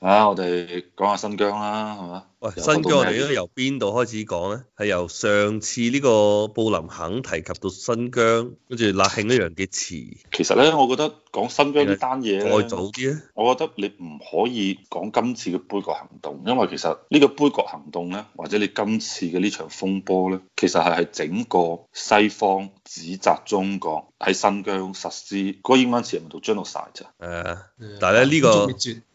啊，我哋講下新疆啦，係嘛？喂，新疆我哋應該由邊度開始講咧？係由上次呢個布林肯提及到新疆，跟住立慶一樣嘅詞。其實咧，我覺得講新疆呢單嘢，愛早啲咧。我覺得你唔可以講今次嘅杯葛行動，因為其實呢個杯葛行動咧，或者你今次嘅呢場風波咧，其實係係整個西方指責中國喺新疆實施嗰、嗰個英文詞係咪叫 genocide 啫？係、啊、但係咧呢個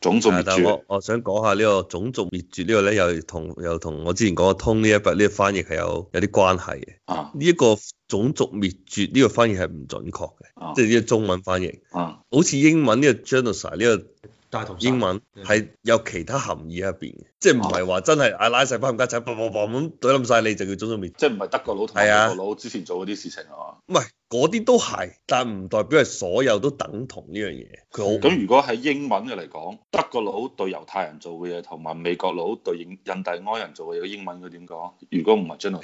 種族滅絕，我想講下呢個種族滅絕呢個咧又。同又同我之前講過通呢一筆呢個翻譯係有有啲關係嘅。啊，呢一個種族滅絕呢個翻譯係唔準確嘅，啊、即係呢個中文翻譯。啊，好似英文呢個 genocide 呢個英文係有其他含義喺入邊嘅，即係唔係話真係阿拉伯人唔加薪，bang bang bang 咁懟冧晒你就叫種族滅絕。啊啊、即係唔係德國佬同英國佬之前做嗰啲事情啊？唔係。嗰啲都係，但唔代表係所有都等同呢樣嘢。好咁，嗯、如果喺英文嘅嚟講，德國佬對猶太人做嘅嘢，同埋美國佬對印印第安人做嘅嘢，英文佢點講？如果唔係 j o u 唔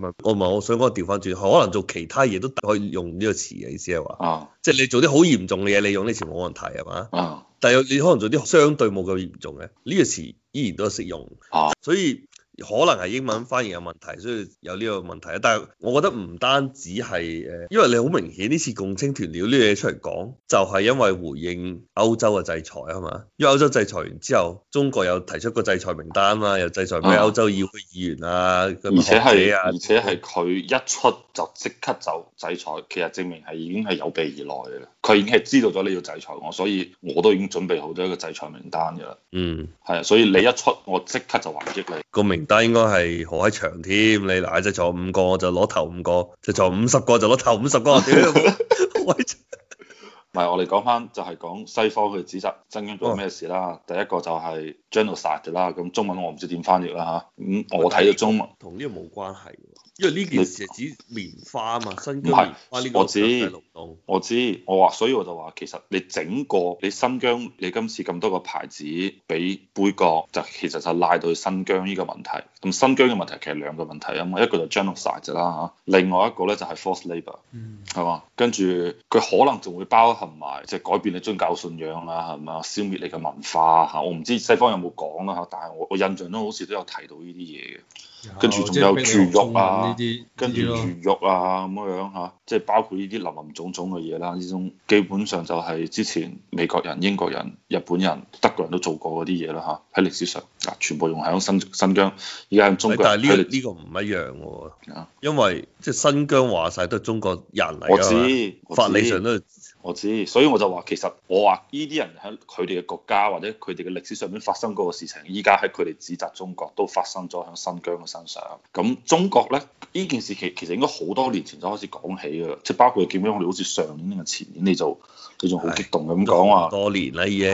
係我唔係我想講調翻轉，可能做其他嘢都可以用呢個詞嘅意思係話，即係、啊、你做啲好嚴重嘅嘢，你用呢個詞冇問題係嘛？啊、但係你可能做啲相對冇咁嚴重嘅，呢、呢個詞依然都係適用。哦、啊，所以。可能係英文翻譯有問題，所以有呢個問題。但係我覺得唔單止係誒，因為你好明顯呢次共青團了呢啲嘢出嚟講，就係、是、因為回應歐洲嘅制裁啊嘛。因為歐洲制裁完之後，中國又提出個制裁名單啦，又制裁咩歐洲議會議員啊、咁嘅嘢啊而。而且係，而且係佢一出就即刻就制裁，其實證明係已經係有備而來嘅啦。佢已經係知道咗你要制裁我，所以我都已經準備好咗一個制裁名單噶啦。嗯，係啊，所以你一出，我即刻就還擊佢個名。但係應該係何喺祥添，你嗱，即坐五個，就攞頭五個；即係坐五十個，就攞頭五十個啊！屌，好，我哋講翻就係講西方嘅指責新疆做咩事啦。哦、第一個就係 genocide 啦，咁中文我唔知點翻譯啦嚇。咁我睇到中文同呢個冇關係。因為呢件事係指棉花啊嘛，新疆啊呢個我知我話，所以我就話其實你整個你新疆你今次咁多個牌子俾杯葛，就其實就賴到去新疆呢個問題。咁新疆嘅問題其實兩個問題啊嘛，一個就 genocide 啦嚇，另外一個咧就係 forced labour，嗯，係嘛，跟住佢可能仲會包含埋即係改變你宗教信仰啦，係嘛，消滅你嘅文化嚇，我唔知西方有冇講啦嚇，但係我我印象中好似都有提到呢啲嘢嘅，跟住仲有住肉有比比啊。跟住魚肉啊咁樣嚇，即係包括呢啲林林種種嘅嘢啦，呢種基本上就係之前美國人、英國人、日本人、德國人都做過嗰啲嘢啦嚇，喺歷史上啊，全部用喺新新疆而家中國。但係呢個呢個唔一樣喎，因為即係新疆話晒都係中國人嚟我嘛，法理上都。我知，所以我就話其實我話呢啲人喺佢哋嘅國家或者佢哋嘅歷史上面發生過嘅事情，依家喺佢哋指責中國都發生咗喺新疆嘅身上。咁中國咧，呢件事其其實應該好多年前就開始講起㗎喇，即係包括點樣，我哋好似上年定係前年你就。佢仲好激動咁講啊，多年啦已經，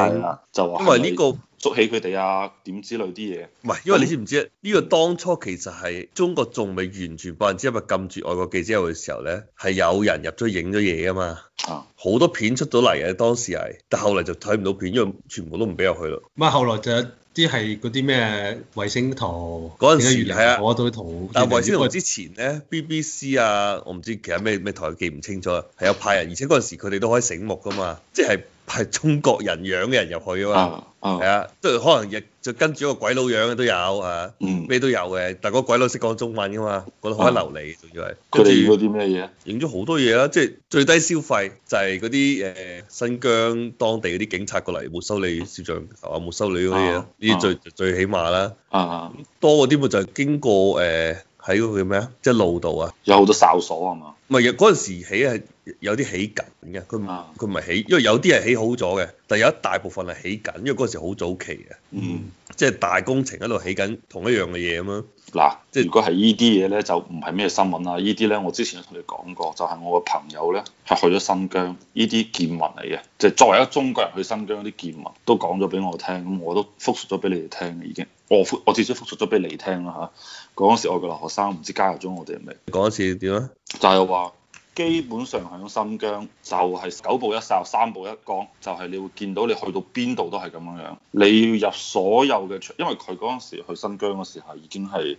就話因為呢個捉起佢哋啊點之類啲嘢。唔係，因為你知唔知咧？呢個當初其實係中國仲未完全百分之一百禁住外國記者去嘅時候咧，係有人入咗影咗嘢啊嘛。啊！好多片出到嚟嘅當時係，但後嚟就睇唔到片，因為全部都唔俾入去啦。唔係、嗯，後來就。啲係嗰啲咩衛星圖嗰陣時係人啊，攞到圖。但係衛星圖之前咧，BBC 啊，我唔知其他咩咩台記唔清楚，啊，係有派人，而且嗰陣時佢哋都可以醒目噶嘛，即係。係中國人樣嘅人入去啊嘛，係啊、uh, uh,，即係可能亦就跟住一個鬼佬樣嘅都有啊，咩、嗯、都有嘅，但係嗰鬼佬識講中文嘅嘛，講得好流利，仲要係。佢哋。影咗啲咩嘢？影咗好多嘢啦，即係最低消費就係嗰啲誒新疆當地嗰啲警察過嚟沒收你攝像頭啊，沒收你嗰啲嘢，呢啲、uh, uh, 最 uh, uh, 最起碼啦。Uh, uh, uh, 多嗰啲咪就係經過誒。Uh, 喺嗰個叫咩啊？即係路度啊，有好多哨所啊嘛？唔係，嗰陣時起係有啲起緊嘅，佢唔佢唔係起，因為有啲係起好咗嘅，但係有一大部分係起緊，因為嗰陣時好早期嘅，嗯，即係大工程喺度起緊同一樣嘅嘢咁樣。嗱，即如果係依啲嘢咧，就唔係咩新聞啦。依啲咧，我之前都同你講過，就係、是、我個朋友咧係去咗新疆，依啲見聞嚟嘅，即、就、係、是、作為一個中國人去新疆啲見聞，都講咗俾我聽，咁我都複述咗俾你哋聽已經。我復我至少複述咗俾你聽啦嚇。嗰、啊、陣時我個留學生唔知加入咗我哋未？嗰陣時點咧？就係話。基本上喺新疆就係九步一哨、三步一崗，就係、是、你會見到你去到邊度都係咁樣樣。你要入所有嘅，因為佢嗰陣時去新疆嘅時候已經係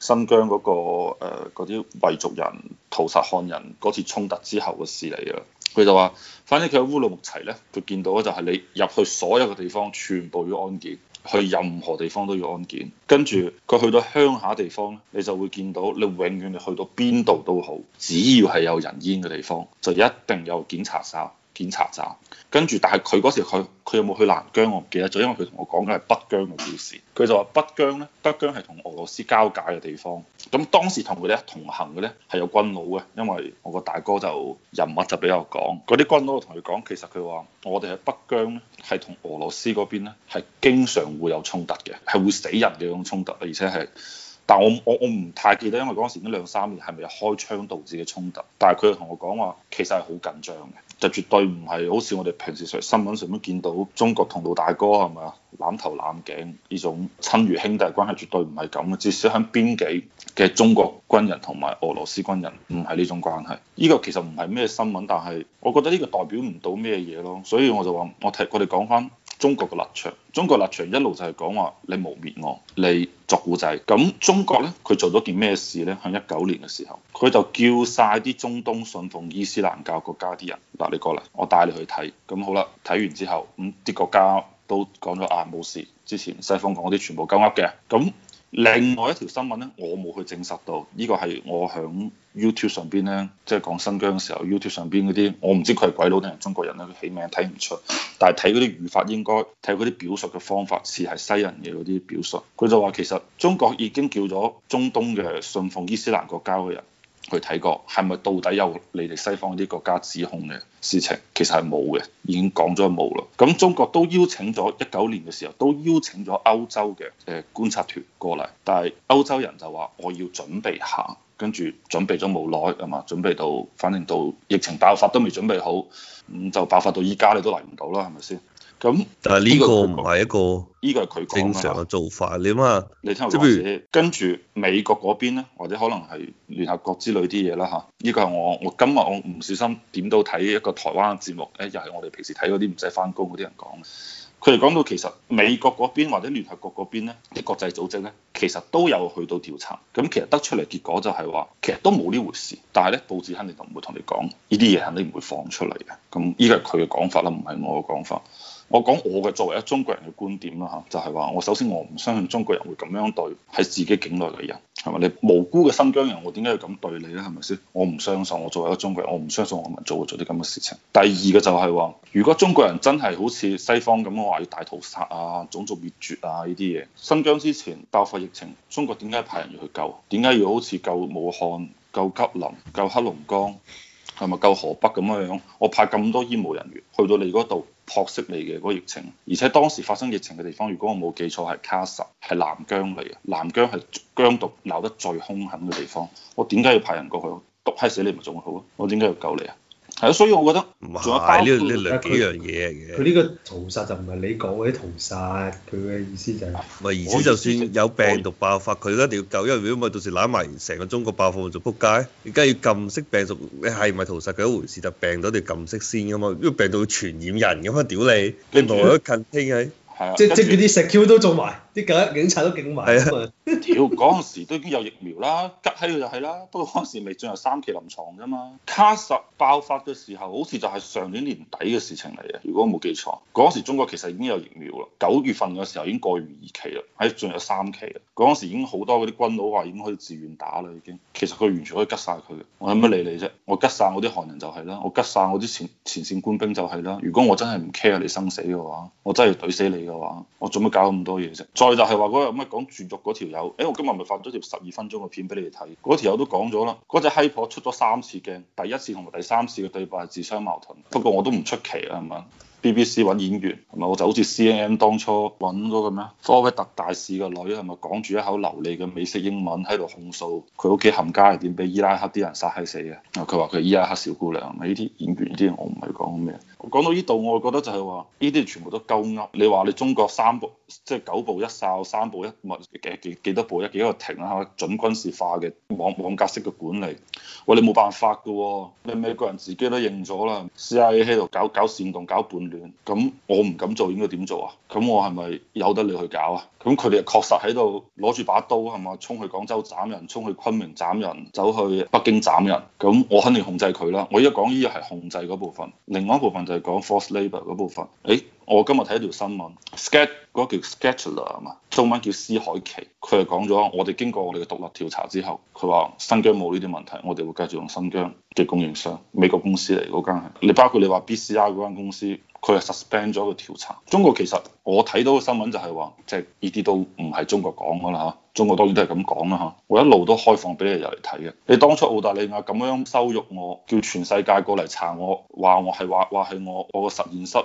新疆嗰、那個嗰啲維族人屠殺漢人嗰次衝突之後嘅事嚟嘅。佢就話，反正佢喺烏魯木齊呢，佢見到嘅就係你入去所有嘅地方，全部要安檢。去任何地方都要安檢。跟住佢去到鄉下地方咧，你就會見到，你永遠。你去到邊度都好，只要係有人煙嘅地方，就一定有檢查哨。檢查站，跟住但係佢嗰時，佢佢有冇去南疆我唔記得咗，因為佢同我講緊係北疆嘅故事。佢就話北疆呢，北疆係同俄羅斯交界嘅地方。咁當時同佢咧，同行嘅咧係有軍佬嘅，因為我個大哥就人物就比較廣。嗰啲軍佬就同佢講，其實佢話我哋喺北疆咧，係同俄羅斯嗰邊咧，係經常會有衝突嘅，係會死人嘅一種衝突，而且係。但我我我唔太記得，因為嗰陣時已經兩三年，係咪開槍導致嘅衝突？但係佢又同我講話，其實係好緊張嘅，就絕對唔係好似我哋平時上新聞上都見到中國同老大哥係咪啊，攬頭攬頸呢種親如兄弟關係，絕對唔係咁嘅。至少喺邊境嘅中國軍人同埋俄羅斯軍人唔係呢種關係。呢、這個其實唔係咩新聞，但係我覺得呢個代表唔到咩嘢咯。所以我就話，我提我哋講翻。中國嘅立場，中國立場一路就係講話你污蔑我，你作古仔。咁中國呢，佢做咗件咩事呢？響一九年嘅時候，佢就叫晒啲中東信奉伊斯蘭教國家啲人，嗱，你過嚟，我帶你去睇。咁好啦，睇完之後，咁啲國家都講咗啊，冇事。之前西方講嗰啲全部鳩噏嘅，咁。另外一條新聞咧，我冇去證實到，這個、呢個係我響 YouTube 上邊咧，即係講新疆嘅時候，YouTube 上邊嗰啲，我唔知佢係鬼佬定係中國人咧，佢起名睇唔出，但係睇嗰啲語法應該，睇嗰啲表述嘅方法似係西人嘅嗰啲表述，佢就話其實中國已經叫咗中東嘅信奉伊斯蘭國家嘅人。去睇過，係咪到底有你哋西方啲國家指控嘅事情，其實係冇嘅，已經講咗冇啦。咁中國都邀請咗一九年嘅時候，都邀請咗歐洲嘅誒觀察團過嚟，但係歐洲人就話我要準備下，跟住準備咗冇耐啊嘛，準備到反正到疫情爆發都未準備好，咁就爆發到依家你都嚟唔到啦，係咪先？咁，但係呢個唔係一個，呢個係佢正常嘅做法。你諗下，你聽，即係譬如跟住美國嗰邊咧，或者可能係聯合國之類啲嘢啦嚇。呢個係我我今日我唔小心點到睇一個台灣嘅節目，誒又係我哋平時睇嗰啲唔使翻工嗰啲人講。佢哋講到其實美國嗰邊或者聯合國嗰邊咧，啲國際組織咧，其實都有去到調查。咁其實得出嚟結果就係話，其實都冇呢回事。但係咧，報紙肯定就唔會同你講，呢啲嘢肯定唔會放出嚟嘅。咁呢個係佢嘅講法啦，唔係我嘅講法。我講我嘅作為一中國人嘅觀點啦嚇，就係話我首先我唔相信中國人會咁樣對喺自己境內嘅人，係咪？你無辜嘅新疆人，我點解要咁對你呢？係咪先？我唔相信，我作為一個中國人，我唔相信我民族會做啲咁嘅事情。第二個就係話，如果中國人真係好似西方咁話要大屠殺啊、種族滅絕啊呢啲嘢，新疆之前爆發疫情，中國點解派人要去救？點解要好似救武漢、救吉林、救黑龍江，係咪？救河北咁嘅樣樣？我派咁多醫務人員去到你嗰度。撲熄你嘅嗰個疫情，而且當時發生疫情嘅地方，如果我冇記錯，係喀什，係南疆嚟嘅。南疆係疆獨鬧得最凶狠嘅地方，我點解要派人過去？毒閪死你咪仲好啊！我點解要救你啊？係咯，所以我覺得唔係呢呢兩幾樣嘢嘅。佢呢個屠殺就唔係你講嗰啲屠殺，佢嘅意思就係、就是。唔係，而且就算有病毒爆發，佢都一定要救，因為如果唔係到時攬埋成個中國爆發，就撲街。而家要撳熄病毒，係咪屠殺佢一回事就毒？就病到要撳熄先㗎嘛，因為病毒會傳染人咁樣，屌你，你唔同佢喺近聽喺。 係啊，即係即啲石 Q 都做埋，啲警察都警埋啊！屌，嗰陣時都已經有疫苗啦，吉起佢就係啦。 不過嗰陣時未進入三期臨床啫嘛。卡實爆發嘅時候，好似就係上年年底嘅事情嚟嘅，如果冇記錯。嗰陣時中國其實已經有疫苗啦，九月份嘅時候已經過完二期啦，喺進入三期啦。嗰陣時已經好多嗰啲軍佬話已經可以自願打啦，已經。其實佢完全可以吉晒佢，我有乜理你啫？我吉晒我啲韓人就係啦，我吉晒我啲前前線官兵就係啦。如果我真係唔 care 你生死嘅話，我真係要懟死你。嘅話，我做乜搞咁多嘢啫？再就係話嗰日咁啊講絕育嗰條友，誒、欸、我今日咪發咗條十二分鐘嘅片俾你哋睇，嗰條友都講咗啦，嗰隻閪婆出咗三次鏡，第一次同埋第三次嘅對白係自相矛盾，不過我都唔出奇啊，係咪？BBC 揾演員，係咪我就好似 CNN 當初揾嗰個咩？科威特大使個女係咪講住一口流利嘅美式英文喺度控訴佢屋企冚家係點俾伊拉克啲人殺閪死嘅？佢話佢係伊拉克小姑娘，呢啲演員呢啲我唔係講咩。講到呢度，我覺得就係話，呢啲全部都鳩噏。你話你中國三步即係九步一哨，三步一物幾幾多步一幾個停啊？準軍事化嘅網網格式嘅管理，喂你冇辦法嘅、哦。你美國人自己都認咗啦，CIA 喺度搞搞煽動搞叛亂，咁我唔敢做，應該點做啊？咁我係咪有得你去搞啊？咁佢哋確實喺度攞住把刀係嘛，衝去廣州斬人，衝去昆明斬人，走去北京斬人，咁我肯定控制佢啦。我而家講呢樣係控制嗰部分，另外一部分。就係講 forced labour 嗰部分。誒，我今日睇一條新聞，skat 嗰、那個、叫 Skechers 啊嘛，中文叫斯凱奇，佢係講咗，我哋經過我哋嘅獨立調查之後，佢話新疆冇呢啲問題，我哋會繼續用新疆嘅供應商，美國公司嚟嗰間，你包括你話 BCI 嗰間公司，佢係 suspend 咗個調查。中國其實我睇到嘅新聞就係話，即係呢啲都唔係中國講噶啦吓。中國當然都係咁講啦嚇，我一路都開放俾你入嚟睇嘅。你當初澳大利亞咁樣羞辱我，叫全世界過嚟查我，話我係話話係我我個實驗室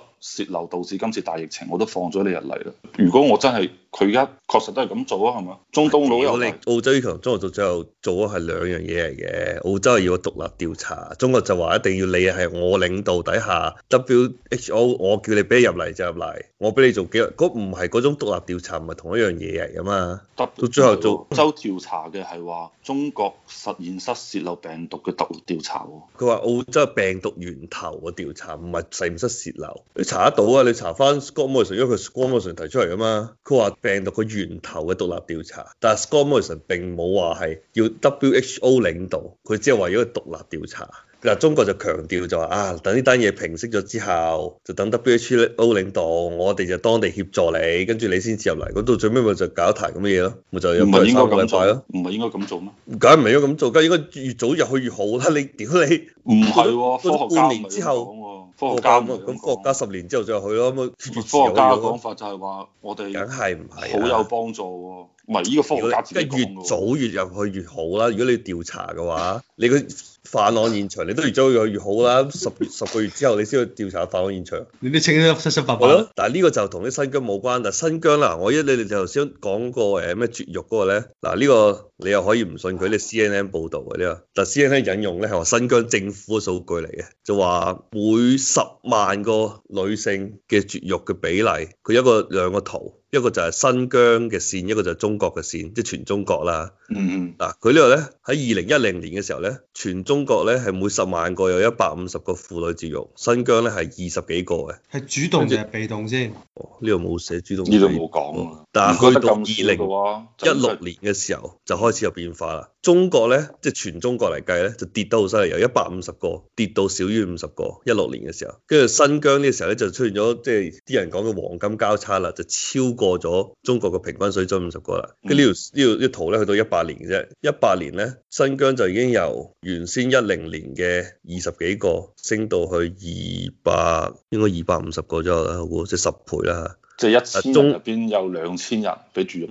洩漏導致今次大疫情，我都放咗你入嚟啦。如果我真係佢而家確實都係咁做啊，係嘛？中東佬又我澳洲呢場，中國到最後做咗係兩樣嘢嚟嘅。澳洲係要個獨立調查，中國就話一定要你係我領導底下。W H O，我叫你俾入嚟就入嚟，我俾你做幾日？嗰唔係嗰種獨立調查，唔係同一樣嘢嚟嘅嘛。到 W 最後做澳洲調查嘅係話中國實驗室洩漏病毒嘅獨立調查喎、啊。佢話澳洲病毒源頭嘅調查，唔係實驗室洩漏。你查得到啊？你查翻 Scott Morrison，因為佢 Scott Morrison 提出嚟嘅嘛？佢話，病毒個源頭嘅獨立調查，但係 Scott Morrison 並冇話係要 WHO 領導，佢只係話要一個獨立調查。嗱，中國就強調就話啊，等呢單嘢平息咗之後，就等 WHO 領導，我哋就當地協助你，跟住你先至入嚟。咁到最尾咪就搞一排咁嘅嘢咯，咪就又再三個禮拜咯。唔係應該咁做咩？梗係唔係應該咁做，做？梗係應該越早入去越好啦！你屌你，唔係、啊、科學家半年之後。嗯科學家咁，科學家十年之後再去咯。咁啊，科學家嘅講法就係話、啊：我哋梗係唔係好有幫助喎。唔係呢個科學家，即係越早越入去越好啦。如果你調查嘅話，你個。 犯案現場，你都越早越好啦、啊。十月十個月之後，你先去調查犯案現場，你都清七七八八啦。但係呢個就同啲新疆冇關啦。但係新疆嗱，我一你哋頭先講過誒咩絕育嗰個咧，嗱、這、呢個你又可以唔信佢呢？C N N 報道嘅呢個，但係 C N N 引用咧係話新疆政府嘅數據嚟嘅，就話每十萬個女性嘅絕育嘅比例，佢一個兩個圖，一個就係新疆嘅線，一個就係中國嘅線，即、就、係、是、全中國啦。嗯嗯。嗱，佢呢個咧喺二零一零年嘅時候咧，全。中國咧係每十萬個有一百五十個婦女節育，新疆咧係二十幾個嘅。係主動定係被動先？呢度冇寫主動。呢度冇講。但係是去到二零一六年嘅時候、嗯就係、就開始有變化啦。中國咧即係全中國嚟計咧就跌得好犀利，由一百五十個跌到少於五十個。一六年嘅時候，跟住新疆呢個時候咧就出現咗即係啲人講嘅黃金交叉啦，就超過咗中國嘅平均水準五十個啦。跟住、嗯、呢條呢條呢圖咧去到一八年嘅啫，一八年咧新疆就已經由原先一零年嘅二十幾個升到去二百，應該二百五十個左右啦，即係十倍啦。即係一千入邊有兩千人俾住入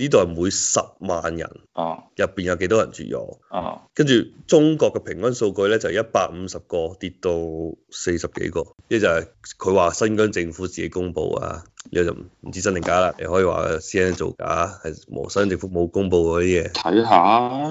呢度係每十萬人哦，入邊、啊、有幾多人絕育哦，跟住、啊、中國嘅平均數據咧就一百五十個跌到四十幾個，呢就係佢話新疆政府自己公布啊，呢就唔知真定假啦。你可以話 CNN 做假係冇新疆政府冇公布嗰啲嘢。睇下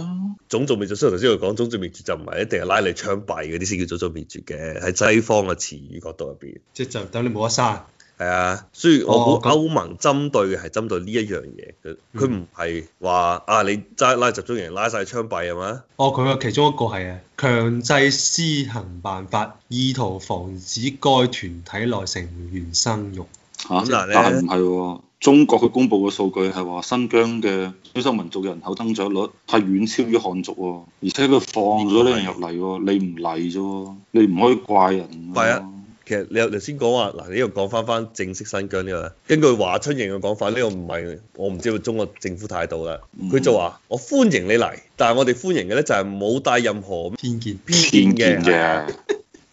看種族滅絕，雖然頭先佢講種族滅絕就唔係一定係拉嚟槍斃嗰啲先叫種族滅絕嘅，喺西方嘅詞語角度入邊，即係就等你冇得生。係啊，所以我估歐盟針對嘅係針對呢一樣嘢，佢唔係話啊你拉拉集中營拉晒槍斃係嘛？哦，佢話其中一個係啊，強制施行辦法，意圖防止該團體內成員生育。啊、呢但係唔係，中國佢公布嘅數據係話新疆嘅少數民族嘅人口增長率係遠超於漢族、啊，而且佢放咗呢人入嚟、啊的，你唔嚟啫，你唔可以怪人、啊。其實你頭先講話嗱，你又講翻翻正式新疆呢個咧，根據華春瑩嘅講法，呢、這個唔係，我唔知道中國政府態度啦，佢就話我歡迎你嚟，但係我哋歡迎嘅咧就係冇帶任何偏見偏見嘅，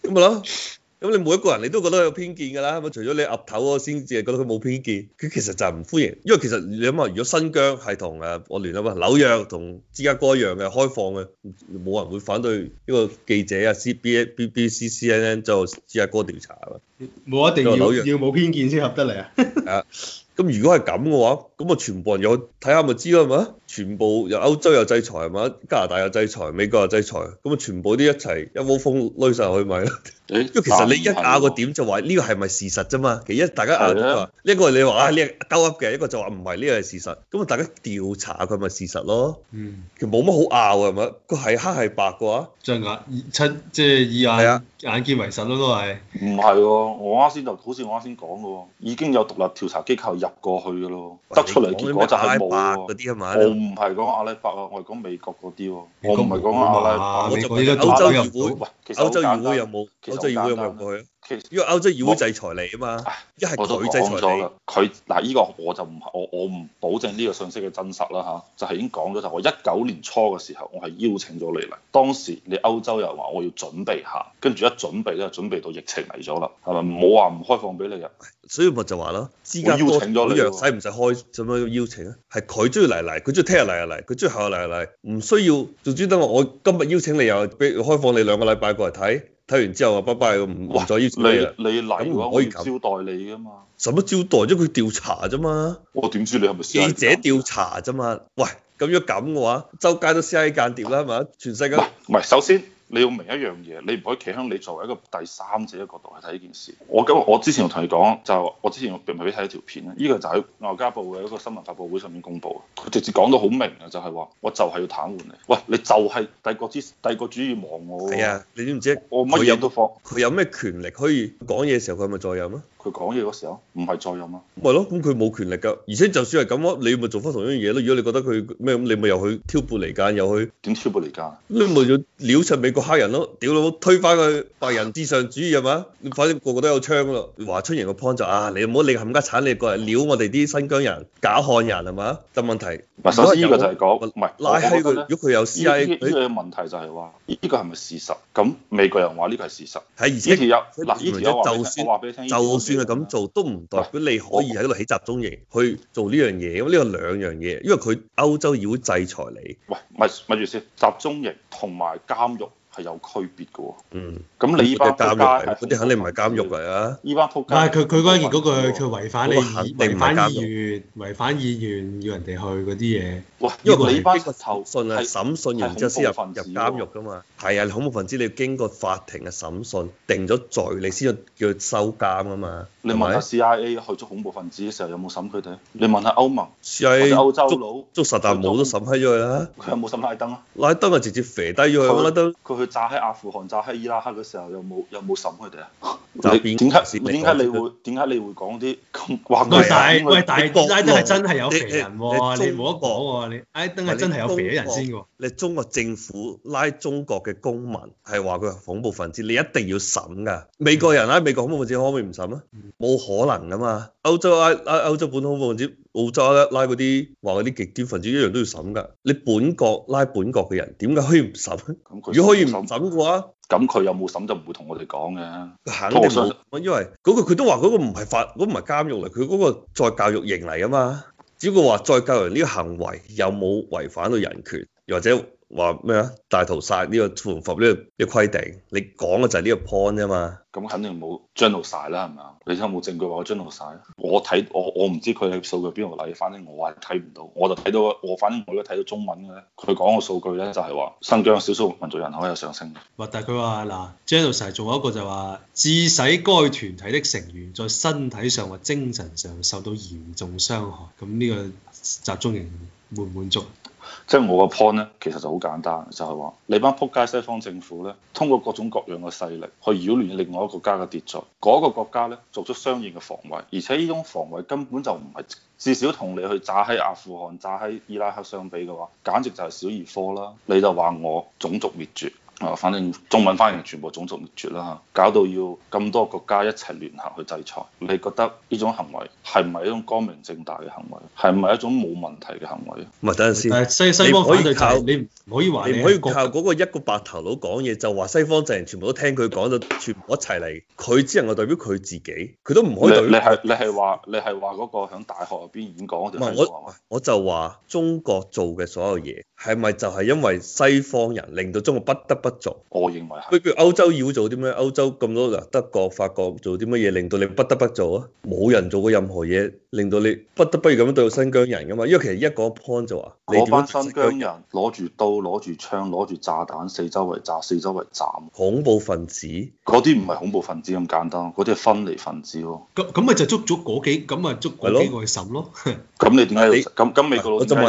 咁咪咯。 咁你每一個人你都覺得有偏見㗎啦，係咪？除咗你岌頭先至係覺得佢冇偏見，佢其實就唔歡迎，因為其實你諗下，如果新疆係同誒我聯啊嘛，紐約同芝加哥一樣嘅開放嘅，冇人會反對呢個記者啊，C B A B B C C N N 就芝加哥調查啊嘛，冇一定要紐約要冇偏見先合得嚟啊。啊，咁如果係咁嘅話，咁啊全部人有睇下咪知囉，係咪全部有歐洲有制裁係嘛？加拿大有制裁，美國有制裁，咁啊全部啲一齊一窩蜂擁晒去咪、就、咯、是？因為、欸、 其實你一拗個點就話呢個係咪事實啫嘛？其實一大家拗都的一個你話啊呢係兜凹嘅，啊、一個就話唔係呢個係事實。咁啊大家調查佢咪事實咯？嗯，其實冇乜好拗係咪佢係黑係白嘅話、啊，真眼以七即係以眼、啊、眼見為實咯都係。唔係喎，我啱先就好似我啱先講嘅喎，已經有獨立調查機構入過去嘅咯，得出嚟結果就係、啊、白嗰啲係咪？唔係講阿拉伯啊，我係講美國嗰啲喎。我唔係講阿拉伯，美國歐洲議會。歐洲議會有冇？歐洲議會有冇？因為歐洲議會制裁你啊嘛，一係佢制裁你。佢嗱，呢個我就唔我我唔保證呢個信息嘅真實啦吓，就係已經講咗就我一九年初嘅時候，我係邀請咗你嚟。當時你歐洲又話我要準備下，跟住一準備咧，準備到疫情嚟咗啦，係咪？唔好話唔開放俾你啊。所以咪就話啦，之間邀請咗，使唔使開做咩邀請啊？係佢中意嚟嚟，佢中意聽日嚟嚟，佢中意下下嚟嚟，唔需要就專登話我今日邀請你又比如開放你兩個禮拜過嚟睇。睇完之後啊，拜拜，唔唔再依住你啦。咁可以咁。招待你噶嘛，什麼招待啊？咗佢調查啫嘛。我點知你係咪，記者調查啫嘛。喂，咁若咁嘅話，周街都 CIA 間諜啦係咪啊？全世界。唔係，首先。你要明一樣嘢，你唔可以企喺你作為一個第三者嘅角度去睇呢件事。我咁，我之前同你講就，我之前並唔係俾睇一條片咧。呢個就喺外交部嘅一個新聞發佈會上面公布，佢直接講到好明啊，就係話，我就係要癱瘓你。喂，你就係帝國之帝國主義亡我。係啊，你知唔知？我乜嘢都放。佢有咩權力可以講嘢嘅時候，佢咪再有嗎？佢講嘢嗰時候唔係再用啊，咪咯，咁佢冇權力噶，而且就算係咁啊，你咪做翻同樣嘢咯。如果你覺得佢咩，你咪又去挑撥離間，又去點挑撥離間？你咪要撩出美國黑人咯，屌佬 推翻佢白人至上主義係嘛？反正個個都有槍咯。華春瑩個 point 就是、啊，你唔好你冚家鏟，你過嚟撩我哋啲新疆人、假漢人係嘛？但問題，首先呢個就係講唔係拉開佢，如果佢有 CIA，佢嘅、這個這個這個、問題就係、是、話，呢、這個係咪事實？咁、這個、美國人話呢個係事實，以前有嗱，以前話俾你聽，就算。佢咁做都唔代表你可以喺度起集中營去做呢樣嘢。咁呢個兩樣嘢，因為佢歐洲議會制裁你。喂，咪咪住先，集中營同埋監獄係有區別嘅喎。嗯，咁呢班監獄嚟，嗰啲肯定唔係監獄嚟啊。呢班僕，但係佢佢關鍵嗰句，佢違反你議違反意願，違反意願要人哋去嗰啲嘢。哇，因為呢班投訊啊、審訊，然之後先入入監獄㗎嘛。係啊，恐怖分子你要經過法庭嘅審訊，定咗罪，你先要叫收監㗎嘛。你問下 CIA 去捉恐怖分子嘅時候有冇審佢哋？你問下歐盟，喺歐洲佬捉薩達姆冇都審閪咗佢啦。佢有冇審閪拉登啊？拉登係直接肥低咗佢。拉登，佢去。炸喺阿富汗、炸喺伊拉克嘅時候，有冇有冇審佢哋啊？你點解點解你會點解你會講啲咁怪底怪底？拉登係真係有肥人喎、啊，你冇得講喎，你拉登係真係有肥人先喎。你中國政府拉中國嘅公民係話佢恐怖分子，你一定要審噶。美國人拉美國恐怖分子可唔可以唔審啊？冇、嗯、可能噶嘛。歐洲啊啊歐洲本土恐怖分子。澳洲咧，拉嗰啲話嗰啲極端分子一樣都要審噶，你本國拉本國嘅人點解可以唔審？咁佢如果可以唔審嘅話，咁佢有冇審就唔會同我哋講嘅。肯定信，因為嗰個佢都話嗰個唔係法，唔係監獄嚟，佢嗰個再教育營嚟啊嘛。只不過話再教育人呢個行為有冇違反到人權，或者？話咩啊？大屠殺呢個符合呢個呢個規定？你講嘅就係呢個 point 啫嘛，咁肯定冇 genocide 晒啦，係咪啊？你有冇證據話我 genocide 晒咧？我睇我我唔知佢嘅數據邊度嚟？反正我係睇唔到，我就睇到我反正我而家睇到中文嘅咧，佢講個數據咧就係話新疆少數民族人口有上升。哇！但係佢話嗱 genocide 晒，仲有一個就話致使該團體的成員在身體上或精神上受到嚴重傷害，咁呢個集中營滿唔滿足？即係我個 point 咧，其實就好簡單，就係話你班撲街西方政府咧，通過各種各樣嘅勢力去擾亂另外一個國家嘅秩序，嗰個國家咧做出相應嘅防衞，而且呢種防衞根本就唔係至少同你去炸喺阿富汗、炸喺伊拉克相比嘅話，簡直就係小兒科啦。你就話我種族滅絕？啊，反正中文翻譯全部種族滅絕啦嚇，搞到要咁多國家一齊聯合去制裁，你覺得呢種行為係唔係一種光明正大嘅行為？係唔係一種冇問題嘅行為？唔係，等陣先。西西方反對就係、你唔可以話你唔、啊、可以靠嗰個一個白頭佬講嘢就話西方製人全部都聽佢講就全部一齊嚟，佢只能夠代表佢自己，佢都唔可以代表你。你係你係話你係話嗰個喺大學入邊演講嗰條。唔係我我就話中國做嘅所有嘢係咪就係因為西方人令到中國不得不做？我認為係。譬如歐洲要做啲咩？歐洲咁多嗱，德國、法國做啲乜嘢令到你不得不做啊？冇人做過任何嘢令到你不得不要咁樣對新疆人㗎嘛？因為其實一個 point 就話、是，我班新疆人攞住刀。攞住槍，攞住炸彈，四周圍炸，四周圍斬。恐怖分子？嗰啲唔係恐怖分子咁簡單，嗰啲係分離分子咯。咁咁咪就捉咗嗰幾，咁咪捉嗰幾個去審咯。咁你點解要咁咁美國佬點解炸？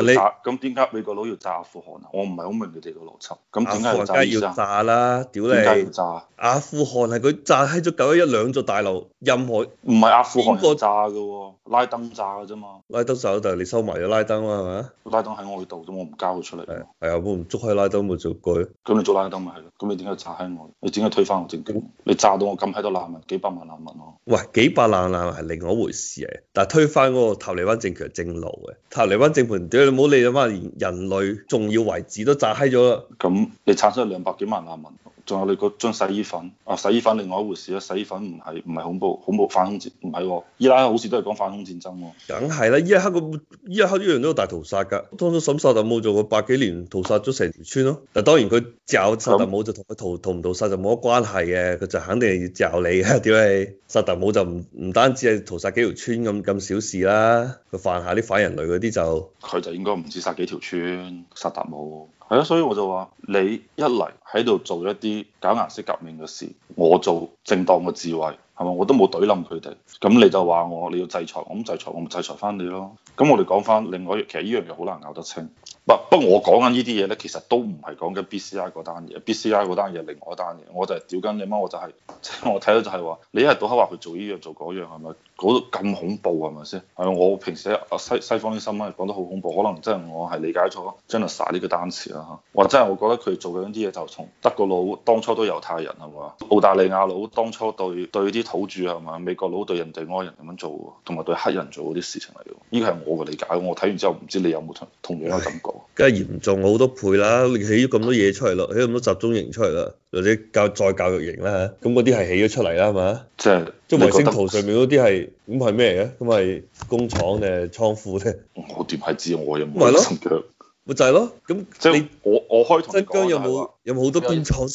咁點解美國佬要炸阿富汗啊？我唔係好明你哋個邏輯。咁點解要炸？啦？屌你！炸？阿富汗係佢炸喺咗九一一兩座大樓，任何唔係阿富汗邊炸㗎喎？個拉登炸㗎啫嘛。拉登走，但係你收埋咗拉登啊嘛，咪拉登喺我度啫，我唔交佢出嚟。係啊，捉佢拉燈冇做鬼，咁你捉拉燈咪係咯？咁你點解要炸喺我？你點解推翻我政權？那你炸到我咁喺度難民幾百萬難民咯。喂，幾百難，難民係另外一回事嘅，但係推翻嗰個塔利班政權正路嘅塔利班政權。屌你唔好理諗翻人類重要位置都炸閪咗啦。咁你產生兩百幾萬難民。仲有你個樽洗衣粉啊！洗衣粉另外一回事咯，洗衣粉唔係唔係恐怖，恐怖反恐戰唔係喎。伊拉克好似都係講反恐戰爭喎，哦。梗係啦，伊一刻個伊拉克一樣都有大屠殺㗎。當初審薩達姆做過百幾年屠殺咗成條村咯。嗱，當然佢詐薩達姆就同佢屠屠唔屠殺就冇乜關係嘅，佢就肯定係要詐你嘅。屌你，薩達姆就唔唔單止係屠殺幾條村咁咁小事啦，佢犯下啲反人類嗰啲就，佢就應該唔止殺幾條村，薩達姆。係啊，所以我就話你一嚟喺度做一啲搞顏色革命嘅事，我做正當嘅智慧，係咪？我都冇懟冧佢哋，咁你就話我你要制裁，我咁制裁，我咪制裁翻你咯。咁我哋講翻另外，其實呢樣嘢好難拗得清。不不過我講緊呢啲嘢咧，其實都唔係講緊 B C I 嗰單嘢，B C I 嗰單嘢另外一單嘢。我就係屌緊你媽，我就係、是、即我睇到就係、是、話，你一日到黑話去做呢、這、樣、個、做嗰樣係咪？嗰度咁恐怖係咪先？係我平時西西方啲新聞講得好恐怖，可能真係我係理解錯 Genocide 呢個單詞啦嚇、啊。或者真係我覺得佢做緊啲嘢就同德國佬當初都猶太人係嘛，澳大利亞佬當初對對啲土著係嘛，美國佬對印第安人咁樣做，同埋對黑人做嗰啲事情嚟㗎。依個係我嘅理解，我睇完之後唔知你有冇同同樣嘅感覺。梗係嚴重好多倍啦！你起咗咁多嘢出嚟咯，起咗咁多集中營出嚟啦，或者教再教育營啦，咁嗰啲係起咗出嚟啦，係嘛？即係即係衛星圖上面嗰啲係，咁係咩嘅？咁係工廠定倉庫啫，我點係知？我有冇身腳，咪就係咯。咁即係我我開同新疆有冇有冇好多工廠？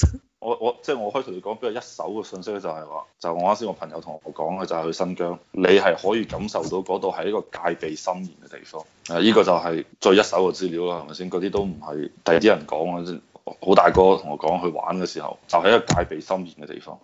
我我即係我可以同你講，比較一手嘅信息咧、就是，就係話，就我啱先，我朋友同我講嘅就係去新疆，你係可以感受到嗰度係一個戒備森嚴嘅地方。誒，依個就係最一手嘅資料啦，係咪先？嗰啲都唔係第啲人講嘅先。好大哥同我講，去玩嘅時候就係、是、一個戒備森嚴嘅地方，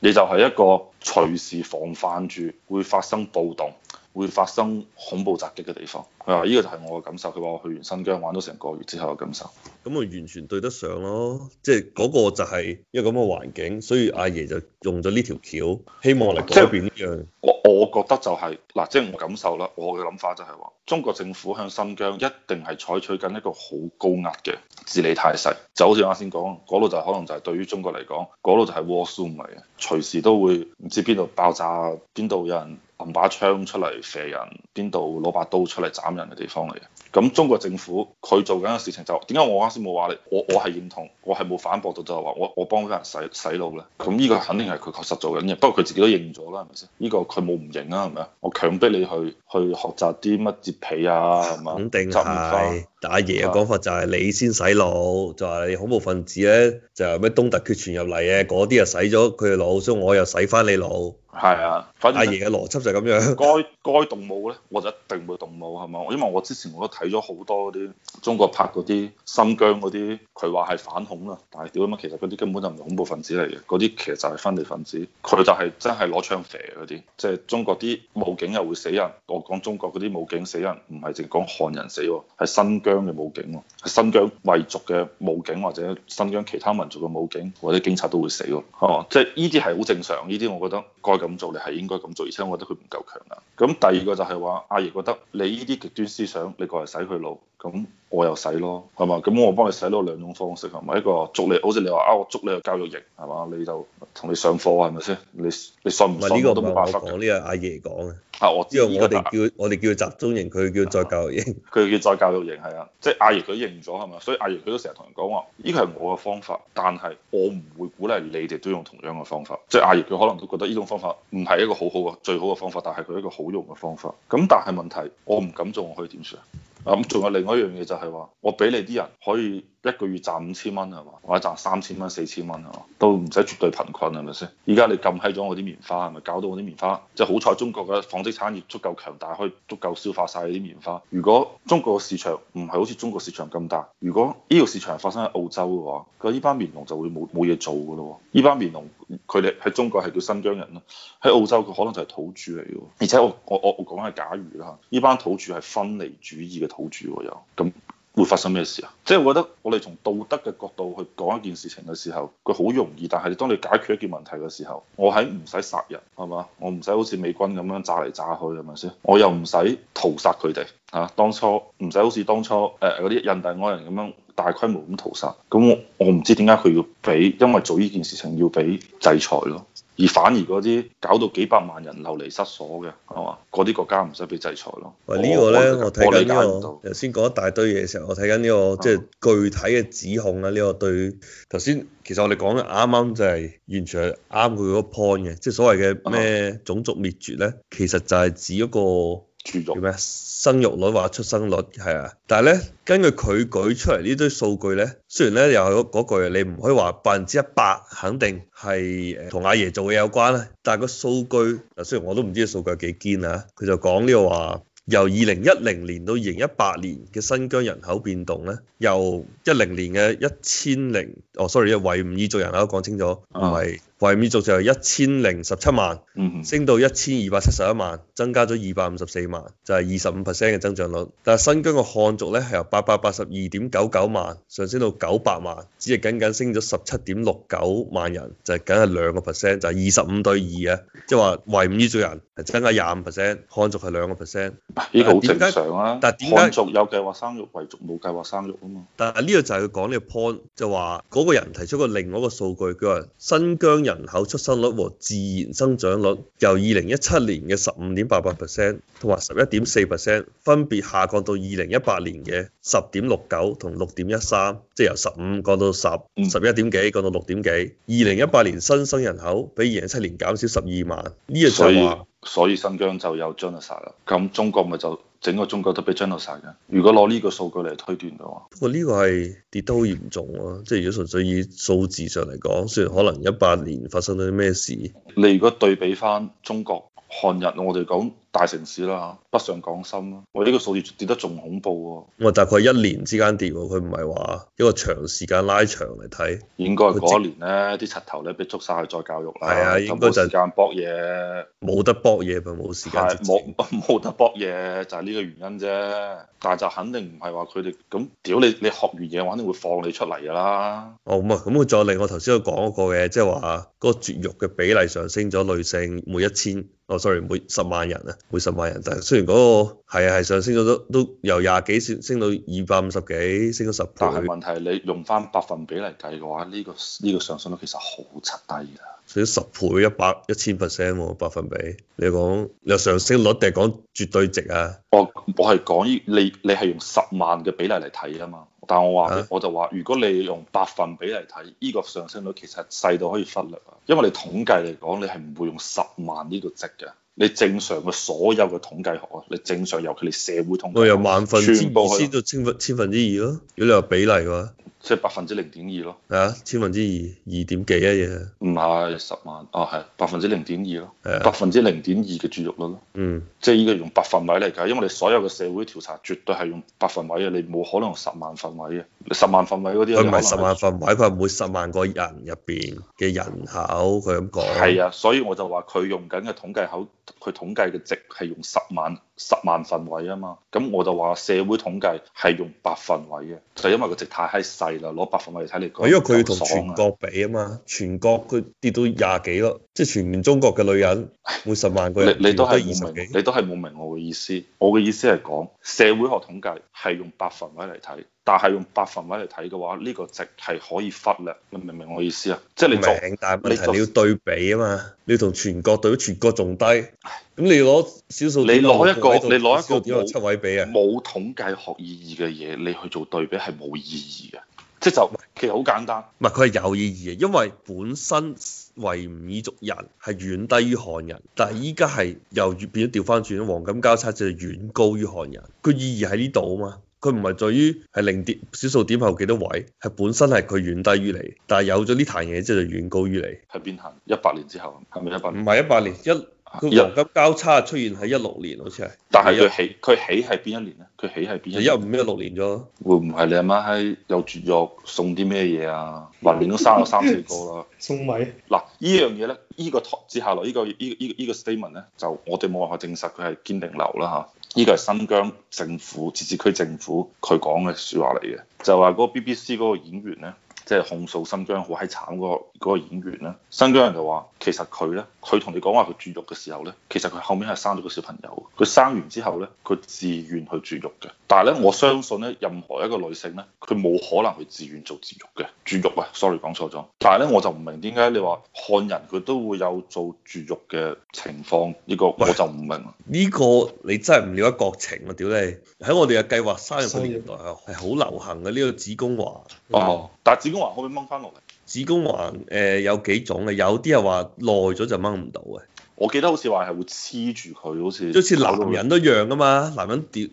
你就係一個隨時防範住會發生暴動。會發生恐怖襲擊嘅地方，係啊，呢個就係我嘅感受。佢話我去完新疆玩咗成個月之後嘅感受，咁咪完全對得上咯。即係嗰個就係一個咁嘅環境，所以阿爺，爺就用咗呢條橋，希望嚟改變呢、這、樣、個。我我覺得就係、是、嗱，即、就、係、是、我感受啦。我嘅諗法就係話，中國政府向新疆一定係採取緊一個好高壓嘅治理態勢，就好似啱先講嗰度就可能就係對於中國嚟講，嗰度就係沃蘇米，隨時都會唔知邊度爆炸，邊度有人。攞把槍出嚟射人，邊度攞把刀出嚟斬人嘅地方嚟嘅？咁中國政府佢做緊嘅事情就點解我啱先冇話你？我我係認同，我係冇反駁到，就係話我我幫啲人洗洗腦咧。咁呢個肯定係佢確實做緊嘅，不過佢自己都認咗啦，係咪先？呢個佢冇唔認啦，係咪啊？我強迫你去去學習啲乜折皮啊咁啊，肯定係。但係阿爺嘅講法就係你先洗腦，是啊、就係恐怖分子咧，就係咩東突厥傳入嚟嘅嗰啲又洗咗佢嘅腦，所以我又洗翻你腦。係啊，反正阿、啊、爺嘅邏輯就係咁樣， 該該動武咧，我就一定會動武，係嘛？因為我之前我都睇咗好多嗰啲中國拍嗰啲新疆嗰啲，佢話係反恐啦，但係屌乜，其實嗰啲根本就唔係恐怖分子嚟嘅，嗰啲其實就係分裂分子，佢就係真係攞槍肥。嗰啲，即係中國啲武警又會死人。我講中國嗰啲武警死人，唔係淨講漢人死人，係新疆嘅武警喎，係新疆維族嘅武警或者新疆其他民族嘅武警或者警察都會死喎，係嘛？即係呢啲係好正常，呢啲我覺得該。咁做你係應該咁做，而且我覺得佢唔夠強啦。咁第二個就係話，阿爺覺得你呢啲極端思想，你過嚟洗佢腦。咁我又使咯，係嘛？咁我幫你使咯兩種方式，係咪一個捉你？好似你話啊，我捉你去教育營，係嘛？你就同你上課係咪先？你你信唔信？唔係呢個唔係我講，呢個阿爺講嘅。啊，我知道我哋叫、啊、我哋叫，叫集中營，佢叫再教育營，佢叫再教育營，係啊，即係阿爺佢認咗係嘛？所以阿爺佢都成日同人講話，呢個係我嘅方法，但係我唔會鼓勵你哋都用同樣嘅方法。即係阿爺佢可能都覺得呢種方法唔係一個好好嘅最好嘅方法，但係佢一個好用嘅方法。咁但係問題，我唔敢做，我可以點算？啊咁，仲有另外一樣嘢就係話，我俾你啲人可以。一個月賺五千蚊係嘛，或者賺三千蚊、四千蚊啊，都唔使絕對貧困係咪先？依家你禁閪咗我啲棉花係咪？係咪搞到我啲棉花，即係好彩中國嘅紡織產業足夠強大，可以足夠消化曬啲棉花。如果中國市場唔係好似中國市場咁大，如果呢個市場發生喺澳洲嘅話，佢呢班棉農就會冇冇嘢做嘅咯。呢班棉農佢哋喺中國係叫新疆人咯，喺澳洲佢可能就係土著嚟嘅。而且我我我我講係假如啦，呢班土著係分離主義嘅土著又咁。會發生咩事啊？即係我覺得，我哋從道德嘅角度去講一件事情嘅時候，佢好容易。但係當你解決一件問題嘅時候，我喺唔使殺人，係嘛？我唔使好似美軍咁樣炸嚟炸去，係咪先？我又唔使屠殺佢哋嚇。當初唔使好似當初誒嗰啲印第安人咁樣大規模咁屠殺。咁我我唔知點解佢要俾，因為做呢件事情要俾制裁咯。而反而嗰啲搞到幾百萬人流離失所嘅，係嘛？嗰啲國家唔使被制裁咯。喂，呢個咧，我睇緊呢個。頭先講一大堆嘢嘅時候，我睇緊呢個即係、就是、具體嘅指控啦、啊。呢、呢個對頭先，其實我哋講得啱啱就係、是、完全係啱佢嗰個 point 嘅，即係所謂嘅咩種族滅絕咧，其實就係指一個。叫咩？生育率、或出生率，係啊。但係咧，根據佢舉出嚟呢堆數據咧，雖然咧又係嗰句，你唔可以話百分之一百肯定係同阿爺做嘢有關啦。但係個數據，嗱雖然我都唔知個數據幾堅啊，佢就講呢個話，由二零一零年到二零一八年嘅新疆人口變動咧，由一零年嘅一千零，哦，sorry，維吾爾族人口都講清楚，唔係。啊維吾爾族就由一千零十七萬升到一千二百七十一萬，增加咗二百五十四萬，就係二十五 percent 嘅增長率。但係新疆嘅漢族咧係由八百八十二點九九萬上升到九百萬，只係僅僅升咗十七點六九萬人，就係梗係兩個 percent，就係二十五對二啊！即係話維吾爾族人增加廿五 percent，漢族係兩個 percent，呢個好正常啊。但係點解漢族有計劃生育，維族冇計劃生育啊嘛？但係呢個就係佢講呢個 point，就話嗰個人提出個另外一個數據，佢話新疆人人口出生率和自然生長率由二零一七年嘅十五點八八 percent 同埋十一點四 percent 分別下降到二零一八年嘅十點六九同六點一三，即係由十五降到十，十一點幾降到六點幾。二零一八年新生人口比二零一七年減少十二萬。呢個就係話。所以新疆就有 Genocide 啦，咁中國咪就整個中國都俾 Genocide 嘅。如果攞呢個數據嚟推斷嘅話，嗯、不過呢個係跌得好嚴重咯、啊。即係如果純粹以數字上嚟講，雖然可能一八年發生咗啲咩事，你如果對比翻中國、韓日，我哋講。大城市啦，北上廣深咯，我、哎、呢、這個數字跌得仲恐怖喎、啊。我、哦、大概一年之間跌喎，佢唔係話一個長時間拉長嚟睇。應該嗰一年咧，啲柒接頭咧被捉晒去再教育啦。係啊，應該就係冇得博嘢，冇得博嘢咪冇時間。冇冇得博嘢就係、是、呢個原因啫。但係就肯定唔係話佢哋咁屌你，你學完嘢我肯定會放你出嚟㗎啦。哦，咁啊，咁佢再令我頭先都講過嘅，即係話嗰個絕育嘅比例上，上升咗，女性每一千哦，sorry，每十萬人啊。每十萬人，但係雖然嗰個係啊係上升咗都都由廿幾升升到二百五十幾，升咗十倍。但係問題係你用翻百分比嚟計嘅話，呢個呢個上升率其實好七低㗎！所以十倍一百一千 percent 喎，百分比，你講又上升率定係講絕對值啊？我我係講呢你你係用十萬嘅比例嚟睇啊嘛。但係我話，我就話，如果你用百分比嚟睇，呢、呢個上升率其實細到可以忽略啊。因為你統計嚟講，你係唔會用十萬呢個值嘅。你正常嘅所有嘅統計學啊，你正常由佢哋社會統計學由萬分先到千分，千分之二咯。如果你話比例嘅話。即係百分之零點二咯，啊，千分之二二點幾啊嘢，唔係十萬，啊係百分之零點二咯，百分之零點是的 二嘅絕育率咯，嗯，即係呢個用百分位嚟計，因為你所有嘅社會調查絕對係用百分位嘅，你冇可能用十萬份位嘅，十萬份位嗰啲，佢唔係十萬份位，佢係每十萬個人入邊嘅人口，佢咁講，係啊，所以我就話佢用緊嘅統計口，佢統計嘅值係用十萬。十萬份位啊嘛，咁我就話社會統計係用百分位嘅，就係、因為個值太閪細啦，攞百分位嚟睇你講。啊、因為佢要同全國比啊嘛，全國佢跌到廿幾咯，即係全中國嘅女人每十萬個人跌得二十幾，你都係冇明我嘅意，意思。我嘅意思係講社會學統計係用百分位嚟睇。但係用百分位嚟睇嘅話，呢、呢個值係可以忽略。你明唔明我意思啊？即係你明，你做但係問題你要對比啊嘛。你同全國對比，全國仲低。咁你攞少數你攞一個，你攞一個點有七位比啊？冇統計學意義嘅嘢，你去做對比係冇意義嘅。即係就不其實好簡單。唔係佢係有意義嘅，因為本身維吾爾族人係遠低於漢人，但係依家係由越變咗調翻轉，黃金交叉就係、遠高於漢人。佢意義喺呢度啊嘛。佢唔係在於係零點小數點後幾多位，係本身係佢遠低於你，但係有咗呢壇嘢之後就遠高於你。係邊壇？一百年之後，係咪一百年，唔係一百年，一佢黃金交叉出現喺一六年好似係。但係佢起，佢年起係邊一年咧？佢起係邊一？一五、一六年咗。會唔係你阿媽喺又絕咗，送啲咩嘢啊？年年都生咗三四個啦。 送米。嗱，樣呢樣嘢咧，依、呢個接下來依個呢依呢個 statement 咧，就我哋冇辦法證實佢係堅定流啦嚇。呢個係新疆政府、自治區政府佢講嘅説話嚟嘅，就話嗰個 BBC 嗰個演員呢。即係控訴新疆好閪慘嗰個演員咧，新疆人就話其實佢咧，佢同你講話佢絕育嘅時候咧，其實佢後面係生咗個小朋友，佢生完之後咧，佢自願去絕育嘅。但係咧，我相信咧，任何一個女性咧，佢冇可能去自願做絕育嘅。絕育啊，sorry 講錯咗。但係咧，我就唔明點解你話漢人佢都會有做絕育嘅情況？呢個我就唔明。呢個你真係唔了解國情啊！屌你，喺我哋嘅計劃生育年代啊，係好流行嘅呢個子宮環。哦、啊，但子宮環可以掹翻落嚟？子宮環誒有幾種嘅，有啲人話耐咗就掹唔到嘅。我記得好似話係會黐住佢，好似好似男人都一樣噶嘛，男人掉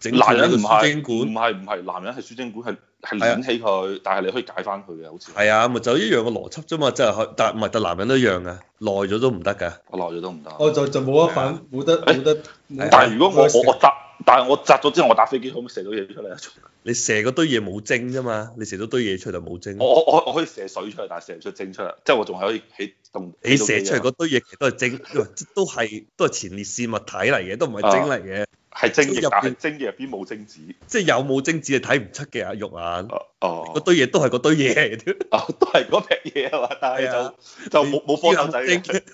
整男人唔係唔係唔係，男人係輸精管係係引起佢，啊、但係你可以解翻佢嘅，好似係啊，咪就是，一樣嘅邏輯啫嘛，就係但係唔係但係男人都一樣嘅。耐咗都唔得噶，我耐咗都唔得，我就就冇得反冇得冇得。欸、得得但係如果我我覺得…… 但係我紮咗之後，我打飛機可唔可以射到嘢出嚟啊？你射嗰堆嘢冇精啫嘛，你射到堆嘢出嚟就冇精。我我我可以射水出嚟，但係射唔出精出嚟，即係我仲係可以起動。起動你射出嚟嗰堆嘢其實都係精， 都係都係前列腺物體嚟嘅，都唔係精嚟嘅。係精入邊，精入邊冇精子。即係有冇精子你睇唔出嘅啊，肉眼。哦、啊。嗰、啊、堆嘢都係嗰堆嘢，嚟嘅、啊。都係嗰撇嘢啊嘛，但係就 就冇冇波仔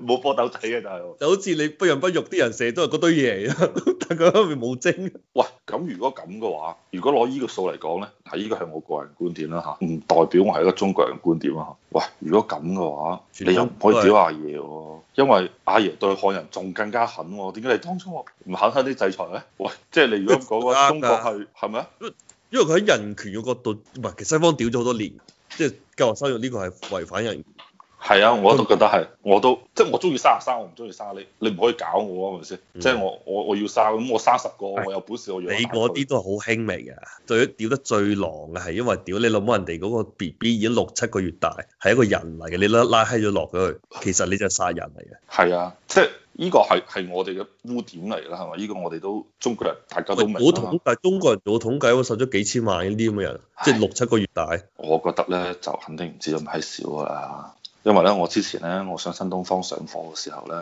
冇波 豆仔嘅大佬，就好似你不孕不育啲人成日都係嗰堆嘢嚟， 但佢後面冇精。喂，咁如果咁嘅話，如果攞依個數嚟講咧，嗱，呢個係我個人觀點啦吓，唔代表我係一個中國人觀點啊。喂，如果咁嘅話，你都唔可以屌阿爺。因為阿爺對漢人仲更加狠，點解你當初唔肯狠啲制裁咧？喂，即係你如果講中國係，係咪啊？因為佢喺人權嘅角度，唔係其實西方屌咗好多年，即係計劃生育呢個係違反人。係啊，我都覺得係，我都即係我中意生阿生，我唔中意生阿你，你唔可以搞我啊，係咪先？即係我我我要生，咁我三十個，是我有本事我養大佢。你嗰啲都係好輕微嘅，對，屌得最狼嘅係因為屌你諗下人哋嗰個 B B 已經六七個月大，係一個人嚟嘅，你拉拉閪咗落咗去，其實你就殺人嚟嘅。係啊，即係呢個係係我哋嘅污點嚟啦，係咪？呢個我哋都中國人大家都明啊嘛。但係中國人做統計，我受咗幾千萬啲咁嘅人，即係六七個月大。我覺得咧就肯定唔止咁閪少啊。因為咧，我之前咧，我上新東方上課嘅時候咧，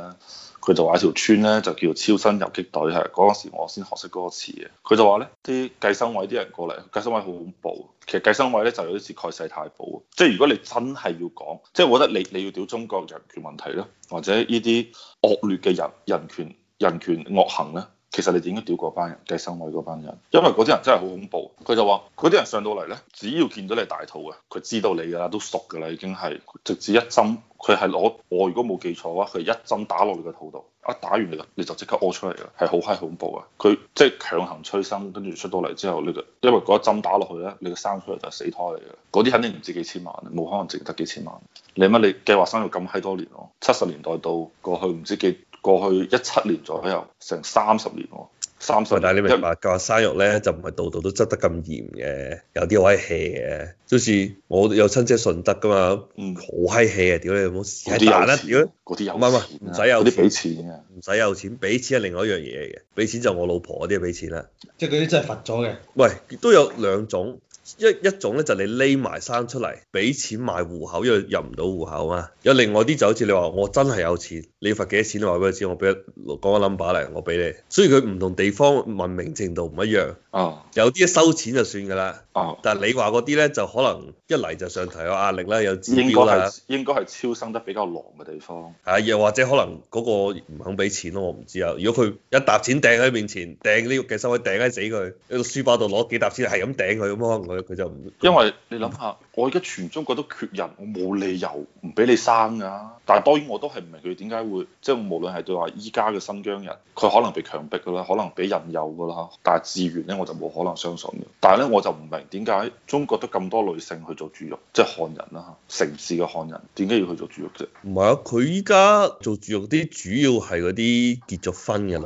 佢就話一條村咧就叫超生遊擊隊，係嗰陣時我先學識嗰個詞嘅。佢就話咧，啲計生委啲人過嚟，計生委好恐怖。其實計生委咧就有啲似蓋世太保，即係如果你真係要講，即係我覺得你你要屌中國人權問題囉，或者呢啲惡劣嘅人人權人權惡行咧。其實你點解屌嗰班人計生委嗰班人？因為嗰啲人真係好恐怖。佢就話，嗰啲人上到嚟咧，只要見到你大肚嘅，佢知道你㗎啦，都熟㗎啦，已經係直接一針。佢係攞我如果冇記錯嘅話，佢一針打落你個肚度，一打完你，你就即刻屙出嚟啦，係好嗨恐怖啊！佢即係強行催生，跟住出到嚟之後，你就因為嗰一針打落去咧，你個生出嚟就係死胎嚟嘅。嗰啲肯定唔止幾千萬，冇可能淨得幾千萬。你乜你計劃生育咁嗨多年咯？七十年代到過去唔知幾。過去一七年左右，成三十年喎。三十年。但係你明白，教為生育咧就唔係度度都執得咁嚴嘅，有啲位 hea 嘅。好似我有親戚順德㗎嘛，好閪 e a 屌你冇，死人啊，屌！嗰啲有，唔使有，啲俾錢嘅，唔使有錢，俾錢係另外一樣嘢嘅，俾錢就我老婆嗰啲俾錢啦。即係嗰啲真係罰咗嘅。喂，都有兩種。一一種咧就你匿埋生出嚟，俾錢買戶口，因為入唔到戶口啊嘛。有另外啲就好似你話，我真係有錢，你要罰幾多錢？我話俾佢知，我俾講個 number 嚟，我俾你。雖然佢唔同地方文明程度唔一樣，哦，有啲收錢就算噶啦，哦，但係你話嗰啲咧就可能一嚟就上提有壓力啦，有指標啦，應該係應該係超生得比較狼嘅地方。係又或者可能嗰個唔肯俾錢咯，我唔知啊。如果佢一沓錢掟喺面前，掟呢肉嘅收，可以掟喺死佢，喺個書包度攞幾沓錢係咁掟佢咁佢就唔，因為你諗下。我而家全中國都缺人，我冇理由唔俾你生噶、啊。但係當然我都係唔明佢點解會，即、就、係、是、無論係對話依家嘅新疆人，佢可能被強迫噶啦，可能俾引誘噶啦。但係自願咧我就冇可能相信嘅。但係咧我就唔明點解中國都咁多女性去做絕育，即係漢人啦、啊，城市嘅漢人點解要去做絕育啫？唔係啊，佢依家做絕育啲主要係嗰啲結咗婚嘅女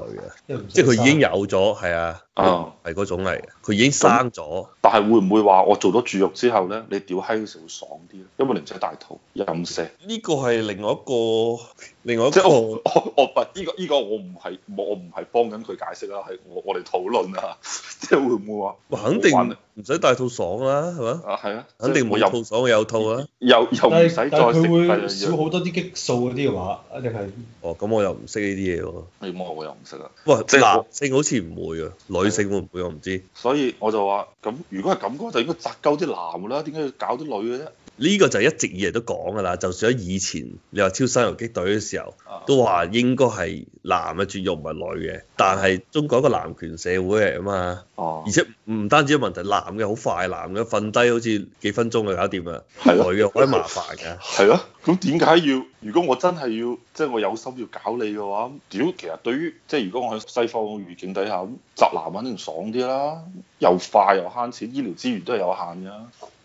嘅，即係佢已經有咗，係啊，係嗰、啊、種嚟嘅，佢已經生咗。但係會唔會話我做咗絕育之後咧，你好嗨嗰時會爽啲咯，因為你唔使帶套，淫射。呢個係另外一個，另外一個，即係我我我唔依個我唔係我唔係幫緊佢解釋啦，係我我哋討論會會啊，即係會唔會話？肯定唔使帶套爽啦，係嘛、哦？啊，係啊、欸，肯定冇帶套爽有套啊，又又唔使再食。係佢會少好多啲激素嗰啲嘅話，定係？哦，咁我又唔識呢啲嘢喎，你摸我又唔識啊。喂是，男性好似唔會啊，女性會唔會我唔知。所以我就話咁，如果係咁講，就應該摘夠啲男啦，點解要搞？搞啲女嘅啫，呢個就一直以嚟都講噶啦。就算喺以前，你話超生遊擊隊嘅時候，都話應該係男嘅絕育唔係女嘅。但係中國一個男權社會嚟啊嘛，而且唔單止問題，男嘅好快，男嘅瞓低好似幾分鐘就搞掂啦，女嘅好得麻煩嘅。係啊，咁點解要？如果我真係要，即係我有心要搞你嘅話，屌，其實對於即係如果我喺西方嘅環境底下，宅男肯定爽啲啦，又快又慳錢，醫療資源都係有限嘅。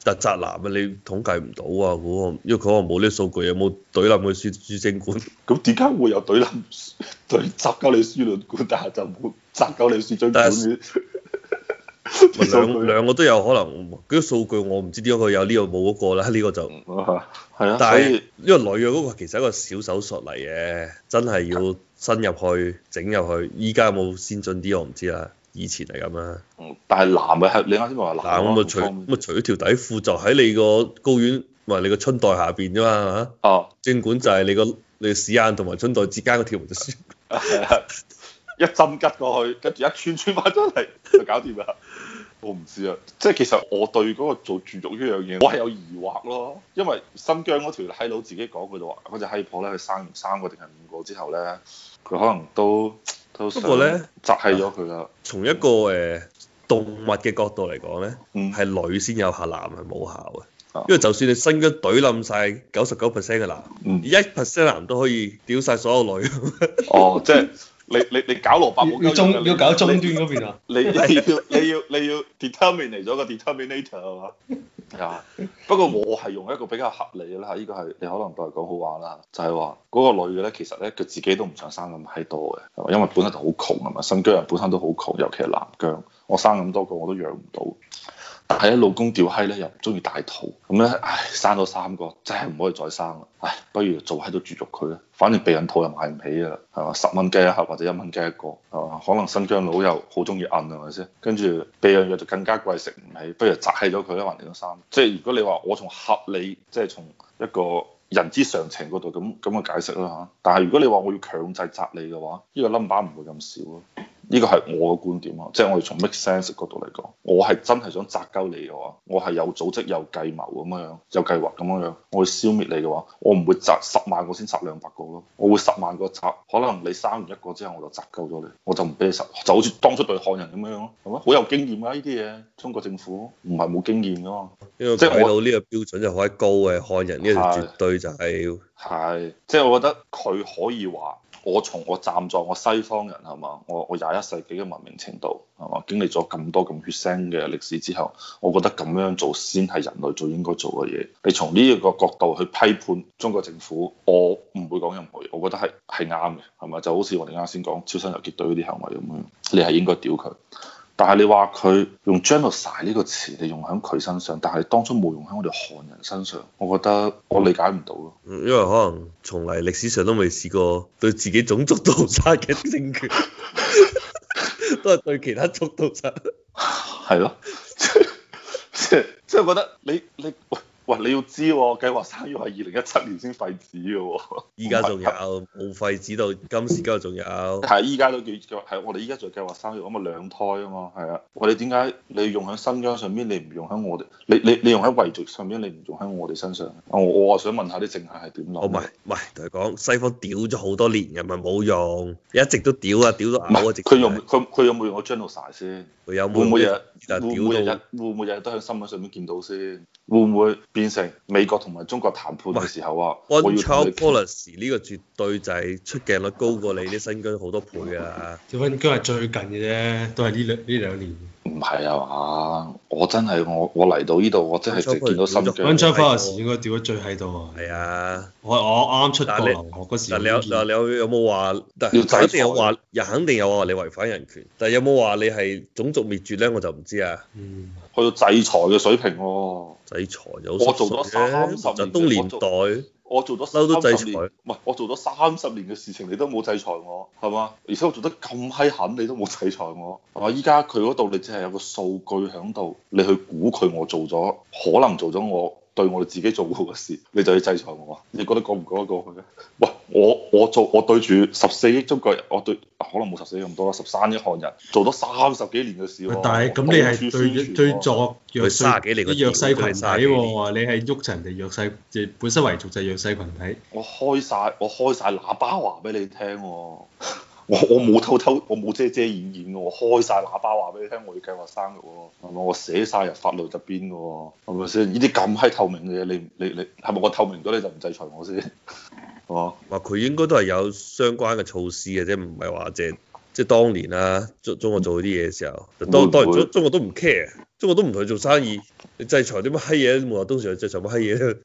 但宅男啊！你統計唔到啊，嗰個，因為佢可能冇呢數據有冇懟冧佢輸輸精管。咁點解會有懟冧懟宅嘅你輸卵管，但係就冇宅嘅你輸精管？兩個兩個都有可能。嗰啲數據我唔知點解佢有呢個冇嗰個啦。呢個就係啊。啊，但係呢個女嘅嗰個其實係一個小手術嚟嘅，真係要伸入去整入去。依家有冇先進啲我唔知啊。以前係咁啊，啊，但係男嘅係隨你啱先話男，咁啊除咁啊除咗條底褲就喺你個睾丸唔係你個春袋下邊啫嘛，哦，正管就係你個你屎眼同埋春袋之間個條線，係啊，啊，一針吉過去，跟住一串串翻出嚟就搞掂啦。 我唔知啊，即係其實我對嗰個做絕育呢樣嘢，我係有疑惑咯，因為新疆嗰條閪佬自己講佢就話，嗰隻閪婆咧，佢生三個定係五個之後咧，佢可能都。 不過咧，雜係咗佢啦。從一個誒、呃、動物嘅角度嚟講咧，係、嗯、女先有效，男係冇效嘅，啊、因為就算你新疆隊冧晒九十九 percent 嘅男，一 percent、嗯、男都可以屌晒所有女、嗯。 哦，即、就、係、是。 你你你搞蘿蔔冇？要中要搞終端嗰邊啊！你 你要你要你要，要 determine 嚟咗個 determinator 係嘛？係啊 ，不過我係用一個比較合理嘅咧，呢、這個係你可能都係講好玩啦，就係話嗰個女嘅咧，其實咧佢自己都唔想生咁閪多嘅，因為本身就好窮啊嘛，新疆人本身都好窮，尤其係南疆，我生咁多個我都養唔到。係啊，老公屌閪咧，又唔中意大肚，咁、嗯、咧，唉，生咗三個，真係唔可以再生啦，唉，不如做喺度絕育佢啦，反正避孕套又買唔起啦，係嘛，十蚊雞一盒或者一蚊雞一,一個，係嘛，可能新疆佬又好中意摁啊，係咪先？跟住避孕藥就更加貴，食唔起，不如紮閪咗佢一還咗三，即係如果你話我從合理，即係從一個人之常情嗰度咁咁嘅解釋啦嚇。但係如果你話我要強制紮你嘅話，呢個 number 唔會咁少咯。呢個係我嘅觀點啊，即係我哋從 make sense 角度嚟講，我係真係想砸鳩你嘅話，我係有組織有計謀咁樣，有計劃咁樣，我要消滅你嘅話，我唔會砸十萬個，我先砸兩百個咯，我會十萬個砸，可能你生完一個之後我就砸鳩咗你，我就唔俾你十，就好似當初對漢人咁樣咯，係咪？好有經驗啊。呢啲嘢，中國政府唔係冇經驗㗎嘛。呢個睇到呢個標準就可以高嘅，漢人呢就絕對是就係。係，即係我覺得佢可以話。我從我站在我西方人係嘛，我我廿一世紀嘅文明程度係嘛，經歷咗咁多咁血腥嘅歷史之後，我覺得咁樣做先係人類最應該做嘅嘢。你從呢一個角度去批判中國政府，我唔會講任何嘢，我覺得係係啱嘅，係咪就好似我哋啱先講超生游擊隊嗰啲行為咁樣，你係應該屌佢。但係你話佢用 genocide 呢個詞，你用喺佢身上，但係當初冇用喺我哋漢人身上，我覺得我理解唔到咯。因為可能從嚟歷史上都未試過對自己種族屠殺嘅政權， 都係對其他族屠殺， 啊。係咯，即係即係覺得你你。喂，你要知計劃、哦、生育係二零一七年先廢止嘅、哦，依家仲有冇廢 止到今時今日仲有？係依家都計計係我哋依家做計劃生育，咁啊兩胎啊嘛，係啊。我哋點解你用喺新疆上邊，你唔用喺我哋？你你你用喺維族上邊，你唔用喺我哋身上？我我想問下啲政客係點諗？哦、oh,，唔係，同你講西方屌咗好多年嘅，咪冇用，一直都屌啊，屌、啊、到嘔啊直。佢用佢佢有冇用 genocide 先？會唔會，會，會，會，會日，會唔會日，會唔會日會會日都喺新聞上面見到先？會唔會變成美國同埋中國談判嘅時候啊？温倉 Collins 呢個絕對就係出鏡率高過你啲新疆好多倍啊。小啲新疆係最近嘅啫，都係呢兩呢兩年。唔係啊嘛，我真係我我嚟到呢度，我真係開見到新疆。槍火嗰時應該掉咗最喺度，係啊。我剛剛你我啱啱出國嗰時。嗱你有你有冇話？要但係肯定有話，又肯定有話你違反人權。但係有冇話你係種族滅絕咧？我就唔知啊。嗯。去到制裁嘅水平喎、啊。制裁又好失常嘅。十多年，年代。我做咗三十年，唔係制我做咗三十年嘅事情，你都冇制裁我，係嘛？而且我做得咁閪狠，你都冇制裁我，係嘛？依家佢嗰度，你只係有個數據響度，你去估佢我做咗，可能做咗我。對我哋自己做好嘅事，你就要制裁我。你覺得過唔過得過去嘅？喂，我我做我對住十四億中國人，我對可能冇十四億咁多啦，十三億漢人做咗三十幾年嘅事但係咁你係對對作弱勢羣體喎，你係喐著人哋弱勢，即本身維族就係弱勢羣體我。我開晒我開曬喇叭話俾你聽啊。 我我冇偷偷，我冇遮遮掩掩嘅，我開晒喇叭話俾你聽，我要計劃生育，係嘛？我寫晒入法律入邊嘅，係咪先？呢啲咁閪透明嘅嘢，你你你係咪？我我透明咗你就唔制裁我先，係嘛？佢應該都係有相關嘅措施嘅啫，唔係話即即當年啦、啊，中中國做啲嘢嘅時候，當當年中國中國都唔 care，中國都唔同佢做生意，你制裁啲乜閪嘢？冇話當時去制裁乜閪嘢。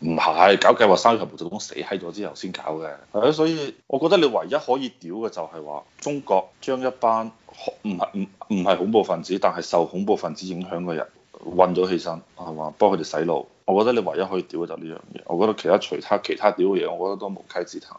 唔係，搞計劃生育同毛澤東死閪咗之後先搞嘅。係所以我覺得你唯一可以屌嘅就係話，中國將一班唔係唔唔係恐怖分子，但係受恐怖分子影響嘅人混咗起身，係嘛？幫佢哋洗腦。我覺得你唯一可以屌嘅就係呢樣嘢。我覺得其他其他其他屌嘅嘢，我覺得都無稽之談。